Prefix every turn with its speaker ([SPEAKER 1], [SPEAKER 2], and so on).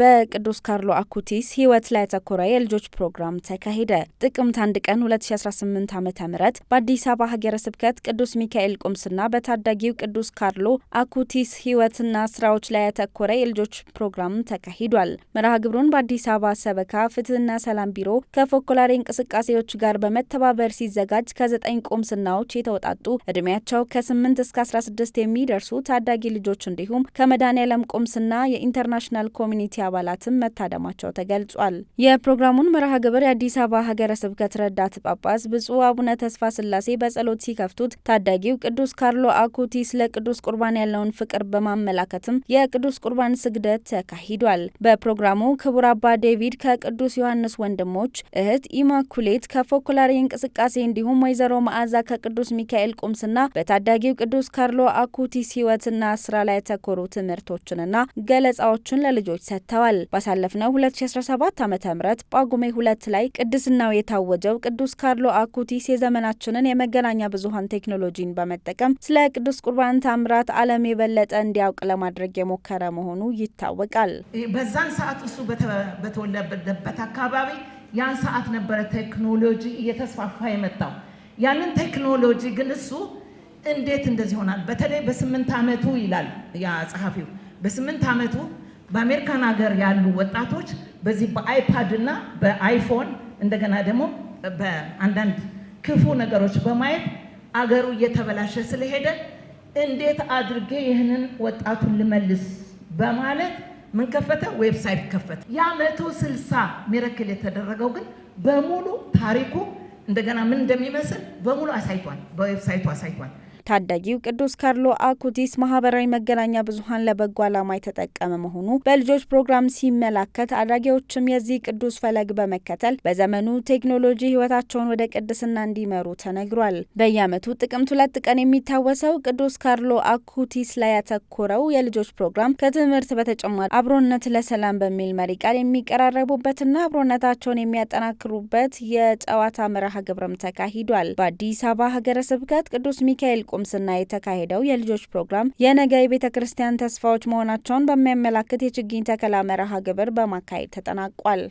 [SPEAKER 1] በቅዱስ ካርሎ አኩቲስ ሕይወት ላይ ያተኮረ የልጆች ፕሮግራም ተካሄደ። ጥቅምት አንድ ቀን 2018 ዓ ም በአዲስ አበባ ሀገረ ስብከት ቅዱስ ሚካኤል ቁምስና በታዳጊው ቅዱስ ካርሎ አኩቲስ ሕይወትና ስራዎች ላይ ያተኮረ የልጆች ፕሮግራም ተካሂዷል። መርሃ ግብሩን በአዲስ አበባ ሰበካ ፍትህና ሰላም ቢሮ ከፎኮላሪ እንቅስቃሴዎች ጋር በመተባበር ሲዘጋጅ ከዘጠኝ ቁምስናዎች የተውጣጡ ዕድሜያቸው ከ8 እስከ 16 የሚደርሱ ታዳጊ ልጆች እንዲሁም ከመድኃኔዓለም ቁምስና የኢንተርናሽናል ኮሚኒቲ አባላትም መታደማቸው ተገልጿል። የፕሮግራሙን መርሃ ግብር የአዲስ አበባ ሀገረ ስብከት ረዳት ጳጳስ ብፁዕ አቡነ ተስፋ ስላሴ በጸሎት ሲከፍቱት ታዳጊው ቅዱስ ካርሎ አኩቲስ ለቅዱስ ቁርባን ያለውን ፍቅር በማመላከትም የቅዱስ ቁርባን ስግደት ተካሂዷል። በፕሮግራሙ ክቡር አባ ዴቪድ ከቅዱስ ዮሐንስ ወንድሞች፣ እህት ኢማኩሌት ከፎኮላሪ እንቅስቃሴ እንዲሁም ወይዘሮ መዓዛ ከቅዱስ ሚካኤል ቁምስና በታዳጊው ቅዱስ ካርሎ አኩቲስ ሕይወትና ስራ ላይ ያተኮሩ ትምህርቶችንና ገለጻዎችን ለልጆች ሰጥተዋል። ተገኝተዋል። ባሳለፍነው 2017 ዓ ም ጳጉሜ ሁለት ላይ ቅድስናው የታወጀው ቅዱስ ካርሎ አኩቲስ የዘመናችንን የመገናኛ ብዙሀን ቴክኖሎጂን በመጠቀም ስለ ቅዱስ ቁርባን ታምራት ዓለም የበለጠ እንዲያውቅ ለማድረግ የሞከረ መሆኑ ይታወቃል።
[SPEAKER 2] በዛን ሰዓት እሱ በተወለደበት አካባቢ ያን ሰዓት ነበረ ቴክኖሎጂ እየተስፋፋ የመጣው። ያንን ቴክኖሎጂ ግን እሱ እንዴት እንደዚህ ይሆናል፣ በተለይ በስምንት ዓመቱ ይላል ያ ጸሐፊው በስምንት ዓመቱ በአሜሪካን ሀገር ያሉ ወጣቶች በዚህ በአይፓድ እና በአይፎን እንደገና ደግሞ በአንዳንድ ክፉ ነገሮች በማየት አገሩ እየተበላሸ ስለሄደ እንዴት አድርጌ ይህንን ወጣቱን ልመልስ በማለት ምን ከፈተ? ዌብሳይት ከፈተ። ያ መቶ ስልሳ ሚረክል የተደረገው ግን በሙሉ ታሪኩ እንደገና ምን እንደሚመስል በሙሉ አሳይቷል፣ በዌብሳይቱ አሳይቷል።
[SPEAKER 1] ታዳጊው ቅዱስ ካርሎ አኩቲስ ማህበራዊ መገናኛ ብዙሀን ለበጎ ዓላማ የተጠቀመ መሆኑ በልጆች ፕሮግራም ሲመላከት፣ አዳጊዎችም የዚህ ቅዱስ ፈለግ በመከተል በዘመኑ ቴክኖሎጂ ህይወታቸውን ወደ ቅድስና እንዲመሩ ተነግሯል። በየአመቱ ጥቅምት ሁለት ቀን የሚታወሰው ቅዱስ ካርሎ አኩቲስ ላይ ያተኮረው የልጆች ፕሮግራም ከትምህርት በተጨማሪ አብሮነት ለሰላም በሚል መሪ ቃል የሚቀራረቡበትና አብሮነታቸውን የሚያጠናክሩበት የጨዋታ መርሃ ግብርም ተካሂዷል። በአዲስ አበባ ሀገረ ስብከት ቅዱስ ሚካኤል በቁምስና የተካሄደው የልጆች ፕሮግራም የነገ የቤተ ክርስቲያን ተስፋዎች መሆናቸውን በሚያመላክት የችግኝ ተከላ መርሃ ግብር በማካሄድ ተጠናቋል።